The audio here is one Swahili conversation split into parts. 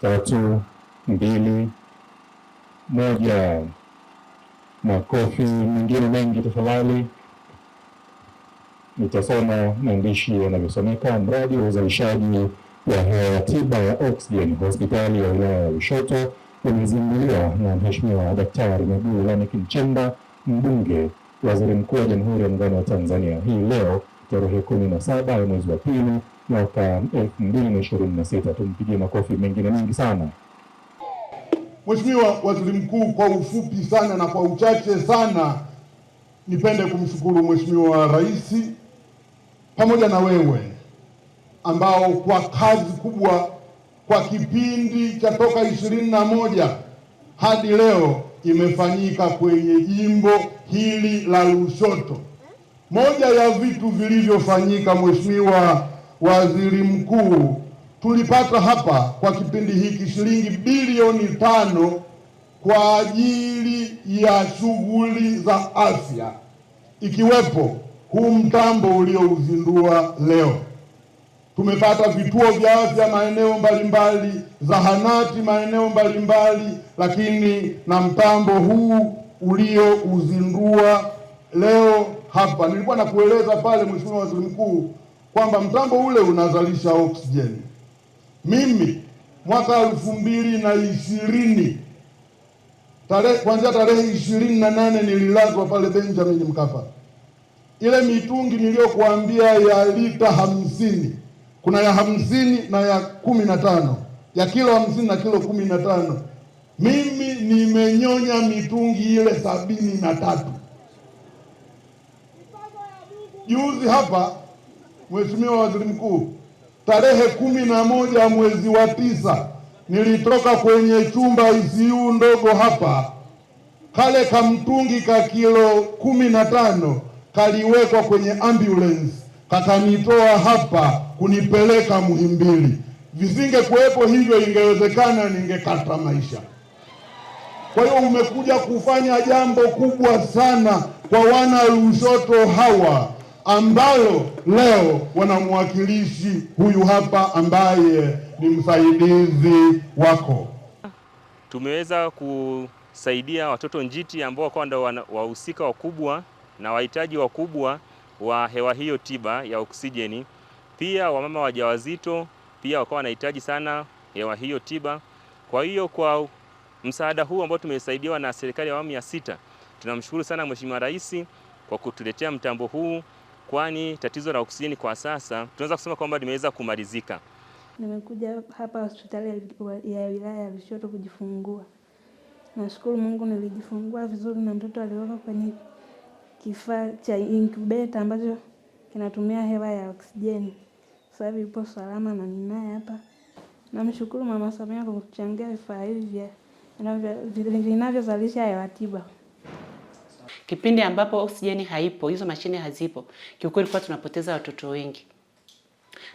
tatu, mbili, moja. Makofi mengine mengi tafadhali. Nitasoma maandishi yanavyosomeka. Mradi wa uzalishaji wa hewa tiba ya oksijeni hospitali ya wilaya ya Lushoto umezinduliwa na Mheshimiwa Daktari Mwigulu Lameck Nchemba, mbunge, waziri mkuu wa Jamhuri ya Muungano wa Tanzania, hii leo tarehe kumi na saba ya mwezi wa pili mwaka elfu mbili na ishirini na sita. Tumpigie makofi mengine mengi sana Mheshimiwa Waziri Mkuu. Kwa ufupi sana na kwa uchache sana, nipende kumshukuru Mheshimiwa Rais pamoja na wewe ambao kwa kazi kubwa kwa kipindi cha toka ishirini na moja hadi leo imefanyika kwenye jimbo hili la Lushoto. Moja ya vitu vilivyofanyika Mheshimiwa waziri mkuu, tulipata hapa kwa kipindi hiki shilingi bilioni tano kwa ajili ya shughuli za afya ikiwepo huu mtambo uliouzindua leo. Tumepata vituo vya afya maeneo mbalimbali, zahanati maeneo mbalimbali, lakini na mtambo huu uliouzindua leo hapa. Nilikuwa nakueleza pale, Mheshimiwa Waziri Mkuu, kwamba mtambo ule unazalisha oksijeni. Mimi mwaka elfu mbili na ishirini tarehe kuanzia tarehe ishirini na nane nililazwa pale Benjamin Mkapa. Ile mitungi niliyokuambia ya lita hamsini kuna ya hamsini na ya kumi na tano ya kilo hamsini na kilo kumi na tano mimi nimenyonya mitungi ile sabini na tatu juzi hapa Mheshimiwa Waziri Mkuu, tarehe kumi na moja mwezi wa tisa nilitoka kwenye chumba ICU ndogo hapa, kale kamtungi ka kilo kumi na tano kaliwekwa kwenye ambulance kakanitoa hapa kunipeleka Muhimbili. visinge kuwepo hivyo, ingewezekana ningekata maisha. Kwa hiyo umekuja kufanya jambo kubwa sana kwa wana Lushoto hawa ambalo leo wanamwakilishi huyu hapa ambaye ni msaidizi wako. Tumeweza kusaidia watoto njiti ambao wakawa ndio wahusika wakubwa na wahitaji wakubwa wa hewa hiyo tiba ya oksijeni. Pia wamama wajawazito pia wakawa wanahitaji sana hewa hiyo tiba. Kwa hiyo kwa msaada huu ambao tumesaidiwa na serikali ya awamu ya sita, tunamshukuru sana Mheshimiwa Rais kwa kutuletea mtambo huu kwani tatizo la oksijeni kwa sasa tunaweza kusema kwamba limeweza kumalizika. Nimekuja hapa hospitali ya wilaya ya Lushoto kujifungua. Nashukuru Mungu nilijifungua vizuri na mtoto aliwekwa kwenye kifaa cha incubator ambacho kinatumia hewa ya oksijeni. Sasa hivi yupo salama na ninaye hapa. Namshukuru Mama Samia kwa kuchangia vifaa hivi vinavyozalisha hewa tiba. Kipindi ambapo oksijeni haipo, hizo mashine hazipo, kiukweli kwa tunapoteza watoto wengi.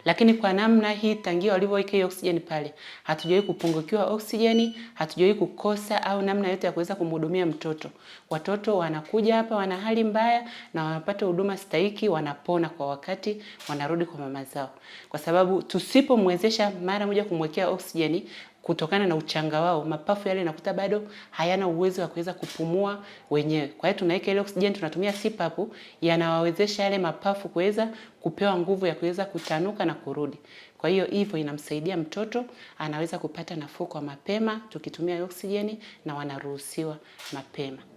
Lakini kwa namna hii tangia walivyoweka hiyo oksijeni pale, hatujawahi kupungukiwa oksijeni, hatujawahi kukosa au namna yote ya kuweza kumhudumia mtoto. Watoto wanakuja hapa wana hali mbaya na wanapata huduma stahiki, wanapona kwa wakati, wanarudi kwa mama zao, kwa sababu tusipomwezesha mara moja kumwekea oksijeni, kutokana na uchanga wao, mapafu yale nakuta bado hayana uwezo wa kuweza kupumua wenyewe. Kwa hiyo tunaweka ile oksijeni, tunatumia CPAP, yanawawezesha yale mapafu kuweza kupewa nguvu ya kuweza kutanuka na kurudi. Kwa hiyo hivyo inamsaidia mtoto, anaweza kupata nafuu kwa mapema tukitumia oksijeni na wanaruhusiwa mapema.